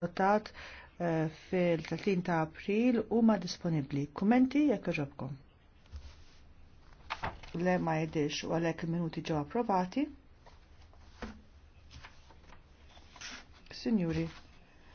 votat eh, fil-30 ta' april u ma' disponibli. Kumenti jekk ġobkom. Le ma' jedix u għalek minuti ġo approvati. Signori.